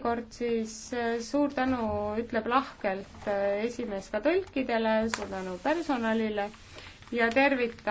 veel kord siis äh, suur tänu ütleb lahkelt äh, esimees ka tõlkidele, suur tänu personalile ja tervitan